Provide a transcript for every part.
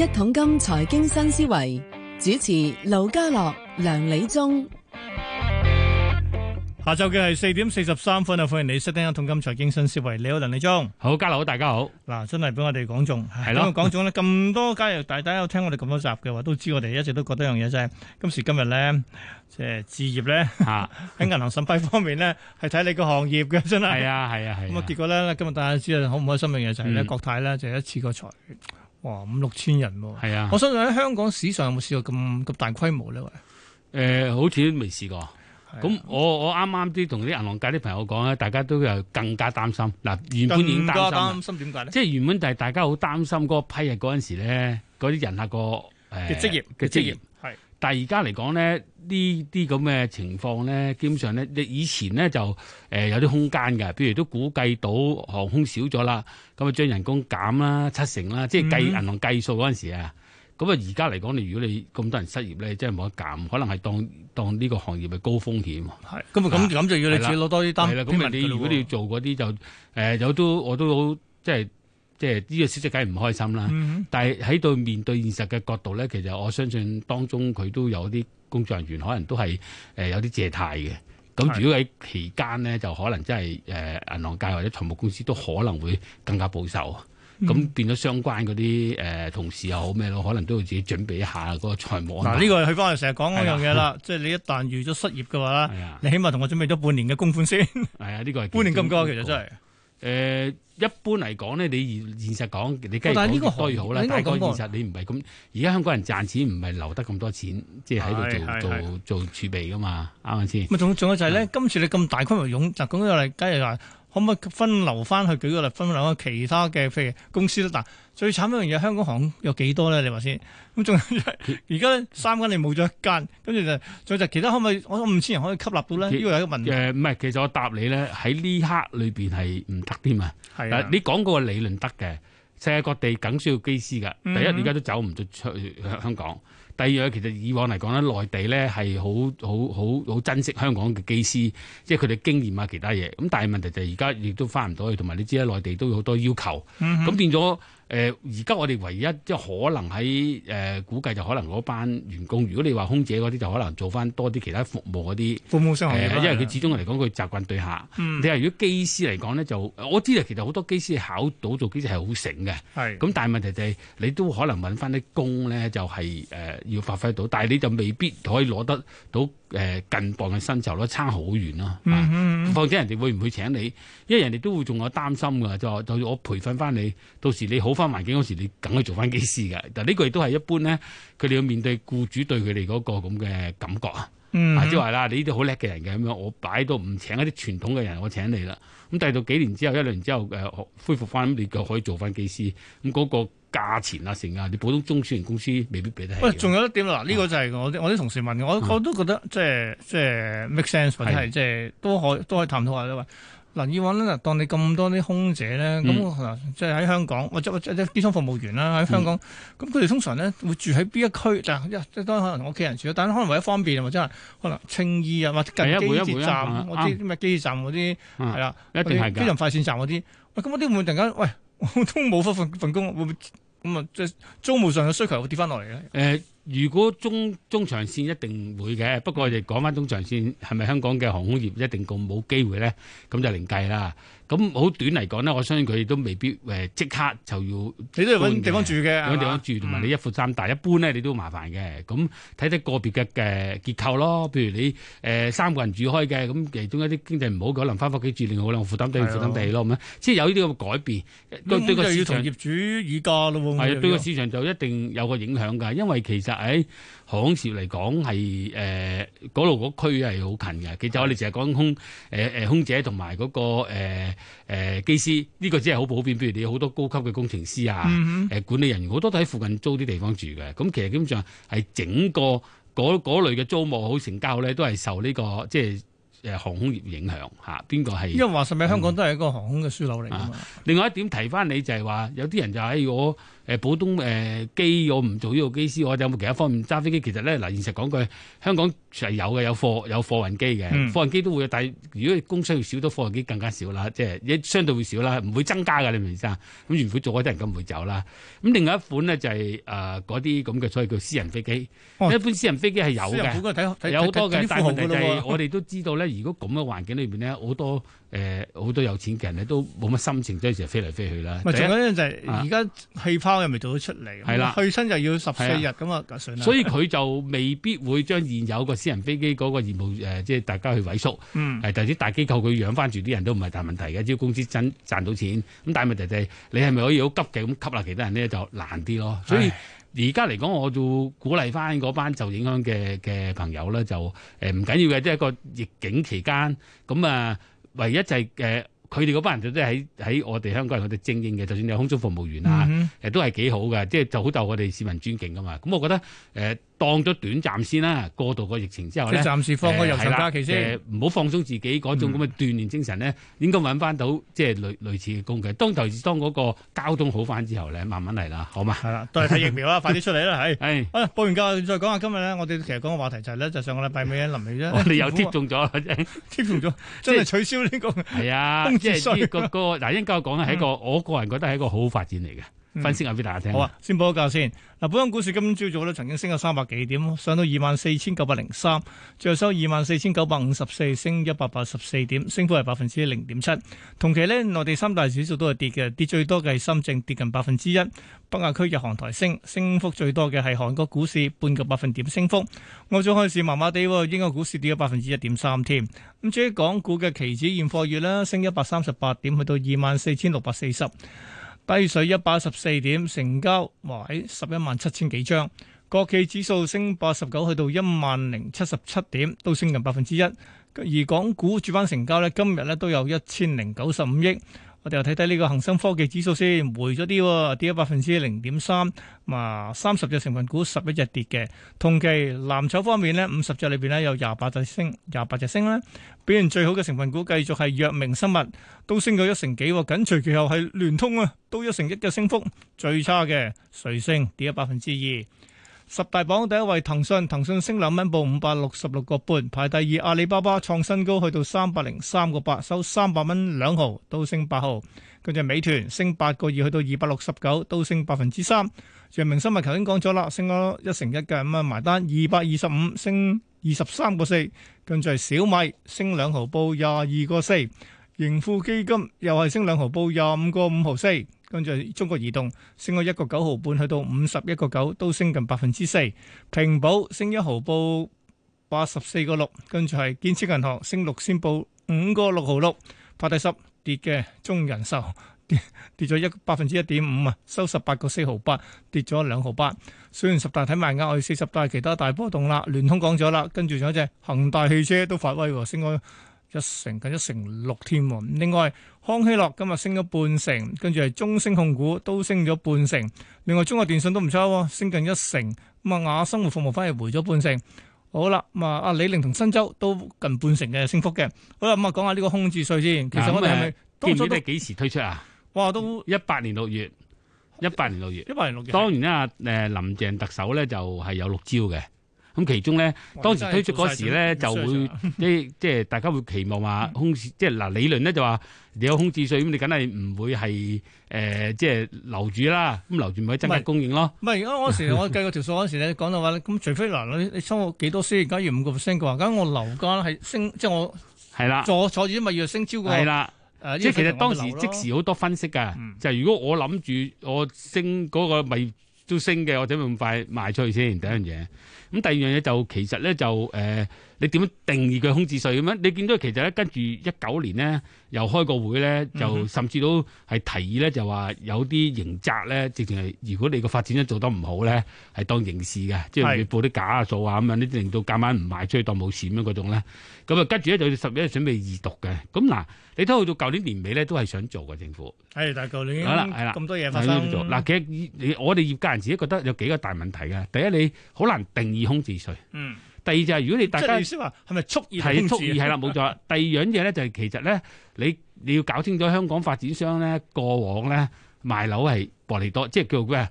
一桶金財經新思維主持盧家樂梁理中，下晝嘅係四點四十三分啊！歡迎你收聽一桶金財經新思維，你好梁理中，好家樂好，大家好，嗱真係俾我哋講中係咯，講中咧咁多加入，大家有聽我哋咁多集嘅話，都知道我哋一直都覺得一樣嘢就係、是、今時今日咧，即係置業咧，喺、啊、銀 行審批方面咧，係睇你個行業嘅，真係係啊係啊係，咁啊結果咧，今日大家知道好唔開心嘅嘢就係、是、咧、嗯，國泰咧就是、一次過裁。哇，五六千人喎！係啊，我相信喺香港史上有冇試過咁咁大規模咧？誒、呃，好似都未試過。咁、啊、我我啱啱啲同啲銀行界啲朋友講咧，大家都有更加擔心。嗱，原本已經更加擔心，點解咧？即係原本就係大家好擔心嗰批嘅嗰陣時咧，嗰啲人客個誒職業嘅職業。但係而家嚟講咧，呢啲咁嘅情況咧，基本上咧，你以前咧就、呃、有啲空間嘅，譬如都估計到航空少咗啦，咁啊將人工減啦七成啦，即係計銀行計數嗰陣時啊，咁啊而家嚟講，你如果你咁多人失業咧，即係冇得減，可能係當當呢個行業嘅高風險。係，咁啊咁咁就要你自己攞多啲單係啦，咁你如果你要做啲就有都、呃、我都好即係。即係呢、這個消息，梗係唔開心啦。嗯、但係喺度面對現實嘅角度咧，其實我相信當中佢都有啲工作人員，可能都係誒、呃、有啲借貸嘅。咁如果喺期間咧，就可能真係誒、呃、銀行界或者財務公司都可能會更加保守。咁、嗯、變咗相關嗰啲誒同事又好咩咯？可能都要自己準備一下嗰、那個財務。嗱、嗯，呢、這個許哥又成日講嗰樣嘢啦。即係你一旦遇咗失業嘅話咧、嗯，你起碼同我準備咗半年嘅供款先。係、哎、啊，呢、這個係半年咁多，其實真係誒。一般嚟講咧，你現現實講，你梗係呢越多越好啦。大概現實你不是，你唔係咁。而家香港人賺錢唔係留得咁多錢，即係喺度做是是是做做，做儲備噶嘛，啱唔啱先？咁仲仲有就係咧，今次你咁大規模擁集咁嚟，梗係話。可唔可以分流翻去？舉個例，分流去其他嘅公司都得？最慘一樣嘢，香港行有幾多咧？你話先。咁仲有而家三間你冇咗一間，跟住就再就其他可唔可以？我諗五千人可以吸納到咧？呢個係一個問題，呃，唔係，其實我答你咧，喺呢刻裏面係唔得添啊。係啊，你講嗰個理論得嘅，世界各地梗需要機師噶。第一，而家都走唔到出香港。嗯嗯。第二樣，其實以往嚟講咧，內地咧係好好好好珍惜香港嘅機師，即係佢哋經驗啊，其他嘢。咁但係問題就係而家亦都返唔到去，同埋你知喺內地都有好多要求，咁、嗯、變咗。誒而家我哋唯一即係可能喺誒、呃、估計就可能嗰班員工，如果你話空姐嗰啲就可能做翻多啲其他服務嗰啲服務相關嘅，因為佢始終嚟講佢習慣對客。你、嗯、話如果機師嚟講呢，就我知道其實好多機師考到做機師係好醒嘅。咁，但係問題就係你都可能搵翻啲工呢，就係、是、誒、呃、要發揮到，但係你就未必可以攞得到。誒，近磅嘅薪酬咯，差好遠咯。嗯、mm-hmm. 況、啊、且人哋會唔會請你？因為人哋都會仲有擔心噶，就就我培訓翻你，到時你好翻環境嗰時候，你梗係做翻機師噶。但呢個亦都係一般咧，佢哋要面對雇主對佢哋嗰個咁嘅感覺、mm-hmm. 啊。嗯，即係話啦，你呢啲好叻嘅人嘅咁樣，我擺到唔請一啲傳統嘅人，我請你啦。咁第到幾年之後，一年之後，誒恢復翻，你就可以做翻機師。咁、嗯、嗰、那個。價錢啊，成啊，你普通中小型公司未必俾得起、啊。喂，仲有一點啦，嗱，呢個就係我啲、啊、我啲同事問我、啊、我都覺得即係即係 make sense，或者係即係都可都可以探討下啦。喂，嗱以往呢，嗱，當你咁多啲空姐咧，咁、嗯、即係喺香港，或者或者啲機艙服務員啦，喺香港，咁佢哋通常咧會住喺邊一區？嗱、啊，一即當可能同屋企人住，但可能為咗方便，或者係可能青衣啊，或者近機站，我啲咩機站嗰啲係啦，一定係嘅，機場快線站嗰啲。喂，咁嗰啲會唔會突然間喂？ 我都冇份份，份工，會唔會咁啊？即係租務上嘅需求會跌翻落嚟咧？誒、嗯欸。如果中中長線一定會嘅，不過我哋講翻中長線係咪香港嘅航空業一定咁冇機會咧？咁就另計啦。咁好短嚟講咧，我相信佢都未必誒呃、即刻就要。你都要揾地方住嘅，揾地方住同埋你一負三大，但、嗯、一般咧你都麻煩嘅。咁睇睇個別嘅嘅結構咯，譬如你誒、呃、三個人住開嘅，咁其中一啲經濟唔好嘅可能翻屋企住，另好，兩負擔都要負擔地咯。咁樣即係有呢啲咁嘅改變，咁就要同業主議價咯。係對個市場就一定有個影響㗎，因為其實。喺、哎、航空事業嚟講係誒嗰度嗰區係好近嘅，其實我哋成日講空誒誒、呃、空姐同埋嗰個誒誒、呃、機師，呢、這個只係好普遍。譬如你好多高級嘅工程師啊，誒、嗯呃、管理人員好多都喺附近租啲地方住嘅。咁其實基本上係整個嗰類嘅租務好成交咧、這個，都係受呢個即係誒航空業影響嚇。邊個係？因為話實名，香港都係一個航空嘅樞紐嚟。另外一點提翻你就係、是、話，有啲人就喺、哎、我。誒普通誒機，我唔做呢個機師，我有冇其他方面揸飛機？其實咧，嗱，現實講句，香港係有嘅，有貨有貨運機嘅，嗯，貨運機都會有，但係如果工商業少咗貨運機，更加少啦，即、就、係、是、相對會少啦，唔會增加㗎，你明唔明先啊？咁原本做嗰啲人咁唔會走啦。咁另外一款呢，就係誒嗰啲咁嘅，所以叫私人飛機。哦、一般私人飛機係有嘅，有。但係大問題、就是、 我哋都知道咧，如果咁嘅環境裏邊咧，好多誒好、呃、多有錢嘅人咧都冇乜心情，即係成日飛嚟飛去啦。就係而家氣又未做到出嚟，係啦，去親就要十四日咁啊，所以佢就未必會將現有個私人飛機嗰個業務誒，即、呃、係大家去萎縮，係但係啲大機構佢養翻住啲人都唔係大問題嘅，只要公司真賺到錢，咁但係問題就係、是、你係咪可以好急嘅咁吸納其他人咧就難啲咯。所以而家嚟講，我就鼓勵翻嗰班就影響嘅嘅朋友咧，就誒唔緊要嘅，即、呃、係、就是、一個逆境期間，咁啊、呃、唯一就係、是、嘅。呃佢哋嗰班人就都喺喺我哋香港人，佢哋精英嘅，就算你空中服務員啊，誒、嗯、都係幾好嘅，即係就好、是、受我哋市民尊敬噶嘛。咁、嗯、我覺得誒。呃當咗短暫先啦，過渡個疫情之後咧，暫時放開又神假期、呃、先，唔好放鬆自己嗰種咁嘅鍛煉精神咧、嗯，應該搵翻到即係類似嘅工具。當尤其是當嗰個交通好翻之後咧，慢慢嚟啦，好嘛？係啦，都係睇疫苗啦， 快啲出嚟啦，係。誒、哎，報完價再講下今日咧，我哋其實講嘅話題就係咧，就上個禮拜尾嘢臨尾啫。我哋又貼中咗，貼 中咗，真係取消呢個係啊，即係呢個嗰、那個嗱、那個，應該講咧係一個、嗯、我個人覺得係一個好好發展嚟嘅。嗯、分析下俾大家聽。好啊，先補個價先。嗱，本港股市今朝早咧，曾經升咗三百幾點，上到二萬四千九百零三，最後收二萬四千九百五十四，升一百八十四點，升幅係百分之零點七。同期呢，內地三大指數都係跌嘅，跌最多嘅係深證，跌近百分之一。北亞區日韓台升，升幅最多嘅係韓國股市半個百分點升幅。我早開市麻麻地，英國股市跌咗百分之一點三添。咁至於港股嘅期指現貨月咧，升一百三十八點，去到二萬四千六百四十。低水一百一十四點，成交哇十一萬七千幾張，國企指數升八十九去到一萬零七十七點，都升近百分之一。而港股主板成交咧，今日咧都有一千零九十五億。我哋又睇睇呢個恒生科技指數先，回咗啲喎，跌咗百分之零點三。嘛，三十隻成分股，十一日跌嘅。同期藍籌方面呢，五十隻裏邊呢，有廿八隻升，廿八隻升呢，表現最好嘅成分股繼續係藥明生物，都升咗一成幾。緊隨其後係聯通啊，都一成一嘅升幅。最差嘅瑞聲跌咗百分之二。十大榜第一位騰訊，騰訊升兩蚊，報五百六十六個半，排第二阿里巴巴創新高，去到三百零三個八，收三百蚊兩毫，都升八毫。跟住美團，升八個二，去到二百六十九，都升百分之三。仲有藥明生物，頭先講咗啦，升咗一成一嘅咁啊，埋單二百二十五，225, 升二十三個四。跟住係小米，升兩毫，報廿二個四。盈富基金又係升兩毫，報廿五個五毫四。跟住中國移動升咗一個九毫半，去到五十一個九，都升近百分之四。平保升一毫，報八十四個六。跟住係建設銀行升六先，報五個六毫六。排第十跌嘅中人壽跌跌咗一百分之一點五啊，收十八個四毫八，跌咗兩毫八。雖然十大睇埋額外四十大其他大波動啦。聯通講咗啦，跟住仲有隻恒大汽車都發威喎，升咗。一成近一成六添喎，另外康希諾今日升咗半成，跟住係中升控股都升咗半成，另外中國電信都唔錯，升近一成。咁啊，雅生活服務反而回咗半成。好啦，咁啊，李寧同新洲都近半成嘅升幅嘅。好啦，咁啊，講下呢個空置稅先。其實我哋係咪？唔知你幾時推出啊？哇！都一八年六月，一八年六月，一八年六月。當然啦，誒，林鄭特首咧就係有六招嘅。咁其中咧，當時推出嗰時咧，就會即即係大家會期望話空置，即係嗱理論咧就話你有空置稅咁，你梗係唔會係誒即係留住啦，咁留住咪增加供應咯。唔係，我嗰時我計個條數嗰時咧講就話，咁除非嗱你收我幾多先？假如五個 percent 嘅話，梗係我樓價係升，即係我係啦，坐坐住啲咪要升超過。係啦、呃，即係其實當時即時好多分析㗎、嗯，就係如果我諗住我升嗰個咪。都升嘅，我哋咪咁快賣出去先。第一樣嘢，咁第二樣嘢就其實咧就誒。呃你點樣定義佢空置稅咁樣？你見到其實咧，跟住一九年咧，又開個會咧，就甚至都係提議咧，就話有啲刑責咧，直情係如果你個發展商做得唔好咧，係當刑事嘅，即係你報啲假數啊咁樣，啲令到夾硬唔賣出去當冇事咁樣嗰種咧。咁啊，跟住咧就十月準備二讀嘅。咁嗱，你睇去到舊年年尾咧都係想做嘅政府。係，但係舊年咁多嘢發生。嗱，其實我哋業界人自己覺得有幾個大問題嘅。第一，你好難定義空置稅。嗯。第二就係、是、如果你大家你是是是意思話係咪蓄意，係蓄意，係啦，冇錯。 第二樣嘢咧就係、是、其實咧，你你要搞清楚香港發展商咧過往咧賣樓係薄利多，即係叫咩？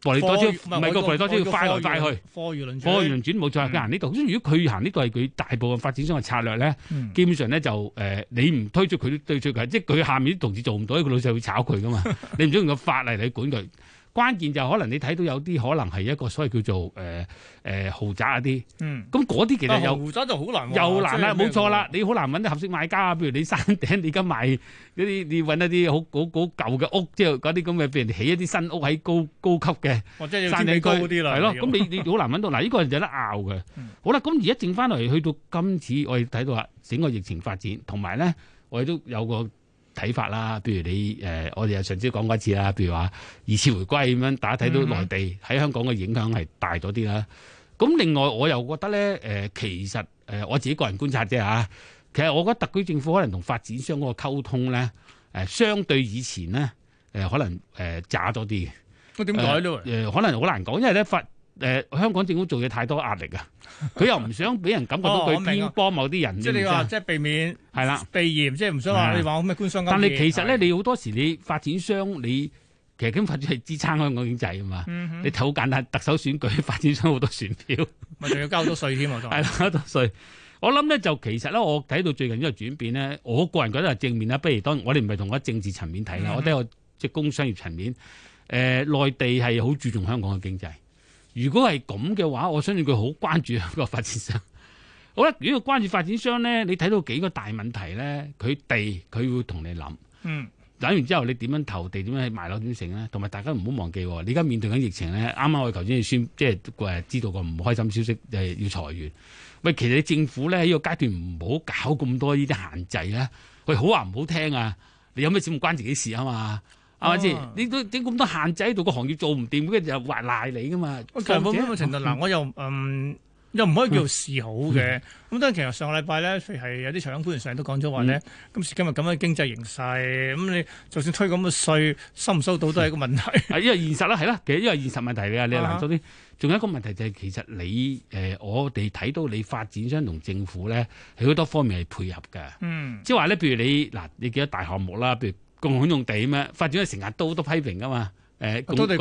薄利多銷，唔係個薄利多銷叫快來快去。貨如輪轉，貨如輪轉，冇錯。行呢、這、度、個嗯，如果佢行呢、這個係佢、這個、大部分發展商嘅策略咧、嗯，基本上咧就誒、呃，你唔推出佢都對出佢，即係佢下面啲同事做唔到，呢個老細會炒佢噶嘛？你唔使用個法例嚟管佢。關鍵就可能你睇到有啲可能係一個所謂叫做誒誒豪宅嗰啲，咁嗰啲其實又豪宅就好難，又難啦，冇錯啦，你好難揾到合適買家。譬如你山頂，你而家賣嗰啲，你揾一啲好好好舊嘅屋，即係嗰啲咁嘅，譬如起一啲新屋喺高高級嘅，山頂高啲啦，係咯，咁你你好難揾到。嗱，呢個就得拗嘅。好啦，咁而家剩翻落嚟去到今次，我哋睇到啦，整個疫情發展，同埋咧，我哋都有個。睇法啦，譬如你誒、呃，我哋又上次講過一次啦，譬如話二次回歸咁樣，大家睇到內地喺香港嘅影響係大咗啲啦。咁另外我又覺得咧，誒、呃、其實誒、呃、我自己個人觀察啫嚇，其實我覺得特區政府可能同發展商嗰個溝通咧，誒、呃、相對以前咧，誒、呃、可能誒差咗啲。我點改點解咧？誒、呃呃、可能好難講，因為咧發。誒、呃，香港政府做嘢太多的壓力啊！佢又唔想俾人感覺到佢偏幫某啲人。即係你話，即係避免係啦，避嫌，即係唔想話你話咩官商勾結。但係其實咧，你好多時你發展商，你其實咁發展係支撐香港的經濟啊嘛。嗯、你睇好簡單，特首選舉發展商好多選票，咪、嗯、仲 要交多稅添。係交多稅。 我諗咧就其實咧，我睇到最近呢個轉變咧，我個人覺得係正面啦。不如當我哋唔係同個政治層面睇啦、嗯，我覺得我即係工商業層面，誒、呃、內地係好注重香港嘅經濟。如果係咁嘅話，我相信佢好關注一個發展商。 好啦，如果關注發展商咧，你睇到幾個大問題咧，佢哋，佢會同你諗。嗯，諗完之後你點樣投地，點樣賣樓等等呢，點成咧？同埋大家唔好忘記，你而家面對緊疫情咧，啱啱我頭先先，即係知道個唔開心消息誒、就係、要裁員。喂，其實政府咧喺呢個階段唔好搞咁多呢啲限制啦。佢好話唔好聽啊！你有咩事唔關自己事啊嘛？係咪先？你都整咁多限制喺度，個行業做唔掂，跟住就話賴你噶嘛？冇咁嘅程度嗱，我又嗯、呃、又唔可以叫做示好嘅。咁、嗯嗯、當然其實上個禮拜咧，係有啲長官員上都講咗話咧。今時今日咁嘅經濟形勢，咁你就算推咁嘅稅，收唔收到都係個問題。嗯、 因為現實啦，係啦，其實因為現實問題啊，你難咗啲。仲、啊、有一個問題就係其實你、呃、我哋睇到你發展商同政府咧，係好多方面係配合嘅。嗯。即係話咧，譬如你嗱，你幾多大項目啦？譬如。共享用地嘛？發展成日都好多批評噶嘛？誒、欸，共都係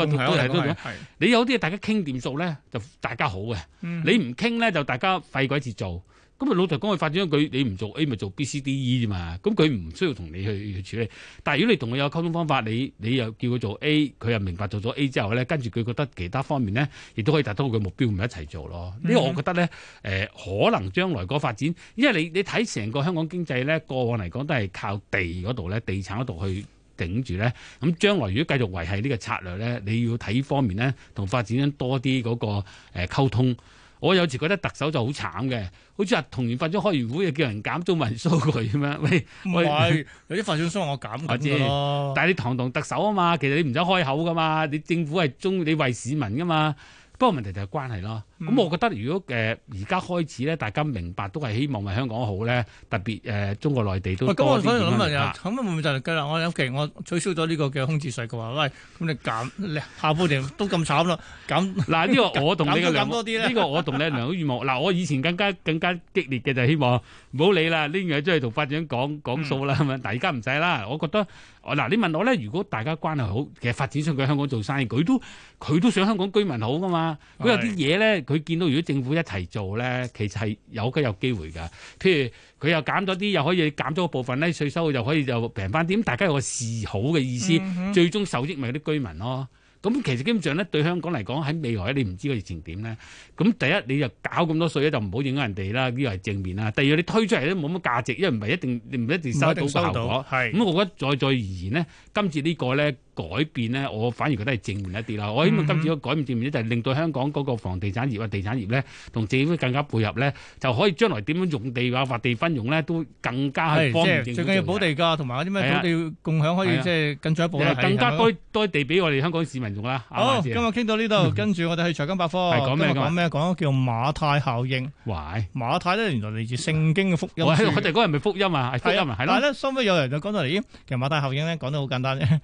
都你有啲嘢大家傾掂數咧，就大家好嘅。你唔傾咧，就大家廢鬼事做。咁啊老豆講佢發展，佢你唔做 A 咪做 B、C、D、E 啫嘛。咁佢唔需要同你去去處理。但係如果你同佢有溝通方法，你你又叫佢做 A，佢又明白做咗 A 之後咧，跟住佢覺得其他方面咧，亦都可以達到佢目標，咪一齊做咯。呢、嗯、個我覺得咧，誒可能將來個發展，因為你你睇成個香港經濟咧，過往嚟講都係靠地嗰度咧，地產嗰度去頂住咧。咁將來如果繼續維係呢個策略咧，你要睇方面咧，同發展多啲嗰個誒溝通。我有時覺得特首就好慘嘅，好似話同完發咗開完會，又叫人減中文數據咁樣。喂，唔係， 有啲發展商我減啫，但係你堂堂特首啊嘛，其實你唔使開口噶嘛，你政府係中你為市民噶嘛。不過問題就係關係咯，咁、嗯嗯、我覺得如果誒而家開始咧，大家明白都係希望為香港好咧，特別誒、呃、中國內地都。喂、嗯，咁、嗯、我想諗啊，咁咪咪就嚟計啦！我諗期我取消咗呢個嘅空置稅嘅話，喂，咁你、嗯、減，下半年都咁慘啦，咁，嗱，呢個我同你嘅兩，多呢、呢個我同你良好願望。嗱、 啊，我以前更加更加激烈嘅就希望，唔好理啦，呢樣嘢即係同發展講講數啦，係咪？但而家唔使啦，我覺得。嗱，你問我咧，如果大家關係好，其實發展商喺香港做生意，佢都佢都想香港居民好㗎嘛。佢有啲嘢咧，佢見到如果政府一齊做咧，其實係有得有機會㗎。譬如佢又減咗啲，又可以減咗部分咧，稅收又可以又平返啲。咁大家有個示好嘅意思、嗯，最終受益咪啲居民咯。咁其實基本上咧，對香港嚟講喺未來咧，你唔知個疫情點咧。咁第一，你搞就搞咁多稅咧，就唔好影響人哋啦，呢個係正面啦。第二，你推出嚟都冇乜價值，因為唔一定唔一定收到效果。咁我覺得再再而言咧，今次個呢個咧，改變咧，我反而覺得係正面一啲啦。我希望今次個改變正面咧，就係令到香港嗰個房地產業啊、地產業咧，同政府更加配合咧，就可以將來點樣用地或劃地分用咧，都更加方便。最近要補地價，同埋嗰啲咩土地共享，可以即係更進一步。更加多多地俾我哋香港市民用啦。好、哦，今日傾到呢度，跟、嗯、住我哋去財經百科。係講咩？講咩？講叫馬太效應。喂，馬太咧，原來嚟自聖經嘅福音書。我哋嗰日咪福音啊，係福音啊，係但係咧，收尾有人就講到嚟，其實馬太效應咧，講得好簡單啫。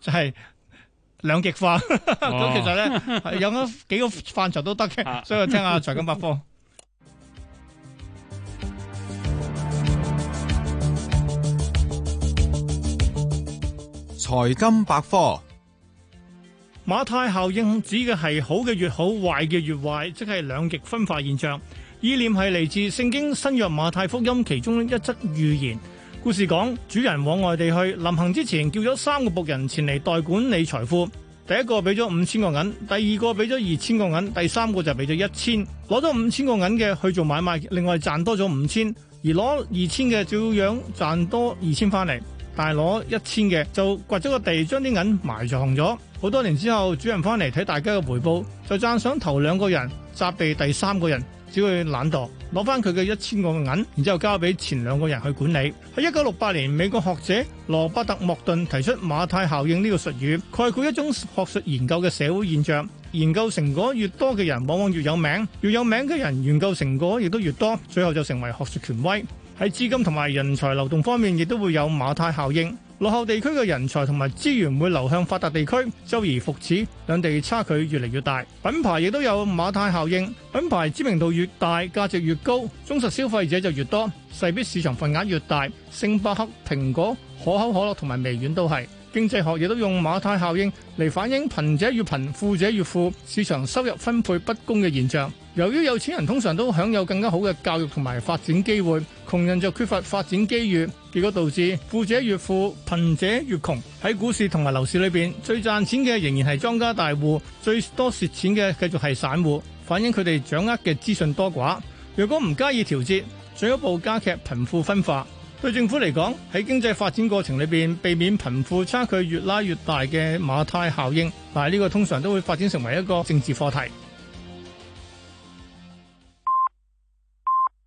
就係兩極化，哦，咁 其實咧呢 有咁幾個範疇都得嘅，所以我聽下財金百科。財金百科，馬太效應指嘅係好嘅越好，壞嘅越壞，即係兩極分化現象。意念係嚟自聖經新約馬太福音其中一則預言。故事講主人往外地去，臨行之前叫咗三個僕人前嚟代管理財富。第一個俾咗五千個銀，第二個俾咗二千個銀，第三個就俾咗一千。攞咗五千個銀嘅去做買賣，另外賺多咗五千；而攞二千嘅照樣賺多二千翻嚟，但係攞一千嘅就掘咗個地將啲銀埋藏咗。好多年之後主人翻嚟睇大家嘅回報，就讚賞頭兩個人，責備第三個人只會懶惰。攞翻佢嘅一千個銀，然之後交俾前兩個人去管理。喺一九六八年，美國學者羅伯特莫頓提出馬太效應呢個術語，概括一種學術研究嘅社會現象。研究成果越多嘅人，往往越有名；越有名嘅人，研究成果亦都越多。最後就成為學術權威。喺資金同埋人才流動方面，亦都會有馬太效應。落後地區嘅人才同埋資源會流向發達地區，周而復始，兩地差距越嚟越大。品牌亦都有馬太效應，品牌知名度越大，價值越高，忠實消費者就越多，勢必市場份額越大。星巴克、蘋果、可口可樂同埋微軟都係。經濟學亦都用馬太效應嚟反映貧者越貧，富者越富，市場收入分配不公嘅現象。由於有錢人通常都享有更加好嘅教育同埋發展機會，窮人就缺乏發展機遇，結果導致富者越富，貧者越窮。喺股市同埋樓市裏邊，最賺錢嘅仍然係莊家大戶，最多蝕錢嘅繼續係散戶，反映佢哋掌握嘅資訊多寡。如果唔加以調節，進一步加劇貧富分化。對政府嚟講，喺經濟發展過程裏面，避免貧富差距越拉越大嘅馬太效應，但係呢個通常都會發展成為一個政治課題。